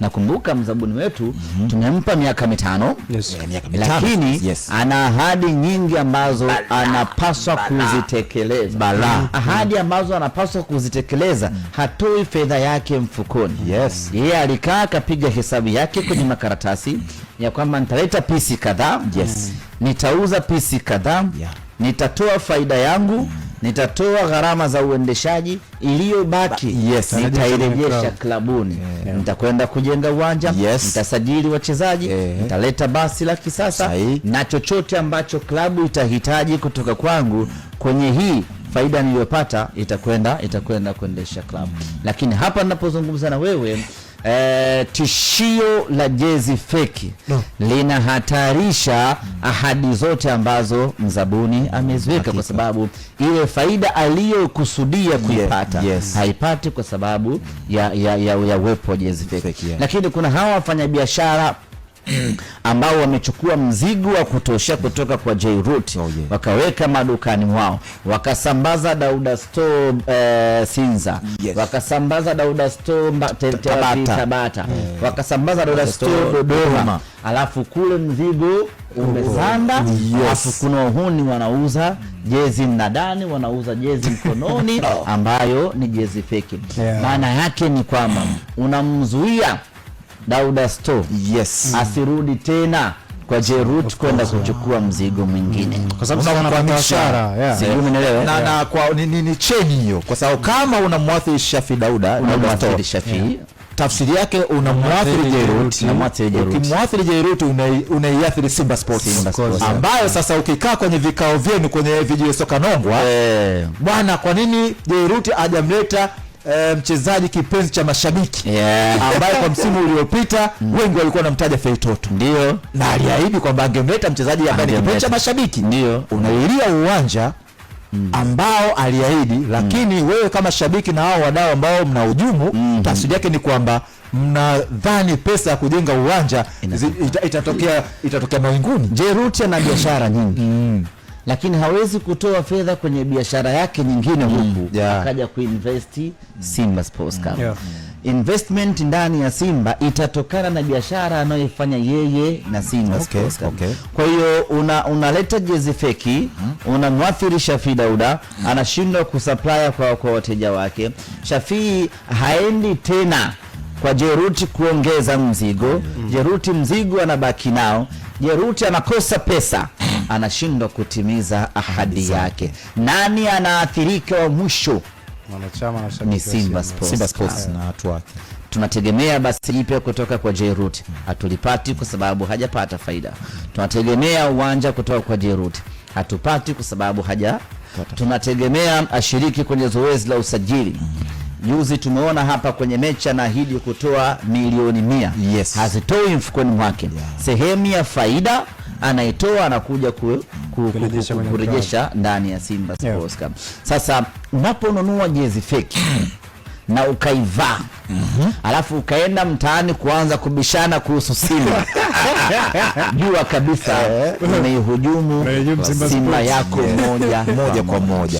Nakumbuka mzabuni wetu mm -hmm. tumempa miaka mitano yes. Eh, miaka mitano lakini yes. ana ahadi nyingi ambazo bala, anapaswa kuzitekeleza bala, mm. ahadi mm. ambazo anapaswa kuzitekeleza mm. hatoi fedha yake mfukoni yes. yeye alikaa akapiga hesabu yake kwenye makaratasi ya kwamba nitaleta pisi kadhaa yes. nitauza pisi kadhaa yeah. nitatoa faida yangu mm nitatoa gharama za uendeshaji iliyobaki, yes, nitairejesha klabuni yeah. Nitakwenda kujenga uwanja yes. Nitasajili wachezaji yeah. Nitaleta basi la kisasa Sai. na chochote ambacho klabu itahitaji kutoka kwangu kwenye hii faida niliyopata itakwenda itakwenda kuendesha klabu, lakini hapa ninapozungumza na wewe e, tishio la jezi feki no. linahatarisha ahadi zote ambazo mzabuni ameziweka, kwa sababu ile faida aliyokusudia kuipata yes. haipati kwa sababu ya, ya, ya, ya uwepo wa jezi feki, feki yeah. Lakini kuna hawa wafanyabiashara Mm. ambao wamechukua mzigo wa kutosha kutoka kwa Jairut oh, yeah. wakaweka madukani mwao wakasambaza Dauda Store uh, Sinza yes. wakasambaza Dauda Store Tabata, Tabata. Yeah. wakasambaza Dauda Store Dodoma, alafu kule mzigo umezanda oh, alafu yes. kuna uhuni wanauza jezi mnadani, wanauza jezi mkononi oh. ambayo ni jezi feki yeah. maana yake ni kwamba unamzuia Dauda Store yes. asirudi tena kwa Jerut kwenda kuchukua mzigo mwingine mm, kwa sababu biashara eh? na, na kwa ni, ni cheni hiyo, kwa sababu kama unamwathiri Shafi Dauda, Shafi tafsiri yake unamwathiri Jerut, unamwathiri Jerut, ukimwathiri Jerut unaiathiri Simba Sports ambayo sasa ukikaa kwenye vikao vyenu kwenye vijio soka nongwa eh. bwana, kwa nini Jerut hajamleta Eh, mchezaji kipenzi cha mashabiki yeah, ambaye kwa msimu uliopita mm, wengi walikuwa wanamtaja Feitoto ndio, na aliahidi kwamba angemleta mchezaji ambaye ni kipenzi cha mashabiki ndio. Unailia uwanja Mm. ambao aliahidi lakini, mm. wewe kama shabiki na hao wadau ambao mna hujumu mm -hmm. tafsiri yake ni kwamba mnadhani pesa ya kujenga uwanja itatokea, itatokea mawinguni. Je, Ruti ana biashara nyingi mm lakini hawezi kutoa fedha kwenye biashara yake nyingine mm, huku yeah. Akaja kuinvesti Simba Sports Club yeah. Investment ndani ya Simba itatokana na biashara anayoifanya yeye na Simba okay, Sports Club okay. Kwa hiyo unaleta una jezi feki mm. unamwathiri Shafii Dauda mm. Anashindwa kusupply kwa, kwa wateja wake. Shafii haendi tena kwa Jeruti kuongeza mzigo mm. Jeruti mzigo anabaki nao, Jeruti anakosa pesa anashindwa kutimiza ahadi yake. Nani anaathirika wa mwisho? Ni Simba Sports na watu wake. Tunategemea basi jipya kutoka kwa Jairut, hatulipati kwa sababu hajapata faida. Tunategemea uwanja kutoka kwa Jairut, hatupati kwa sababu haja. Tunategemea ashiriki kwenye zoezi la usajili Juzi tumeona hapa kwenye mechi anaahidi kutoa milioni mia, yes. hazitoi mfukoni mwake, yeah. sehemu ya faida anaitoa anakuja ku, ku, kurejesha, kurejesha ndani ya Simba Sports Club. Sasa unaponunua jezi feki na ukaivaa mm -hmm. Alafu ukaenda mtaani kuanza kubishana kuhusu Simba jua kabisa eh. umeihujumu Simba yako moja moja kwa moja.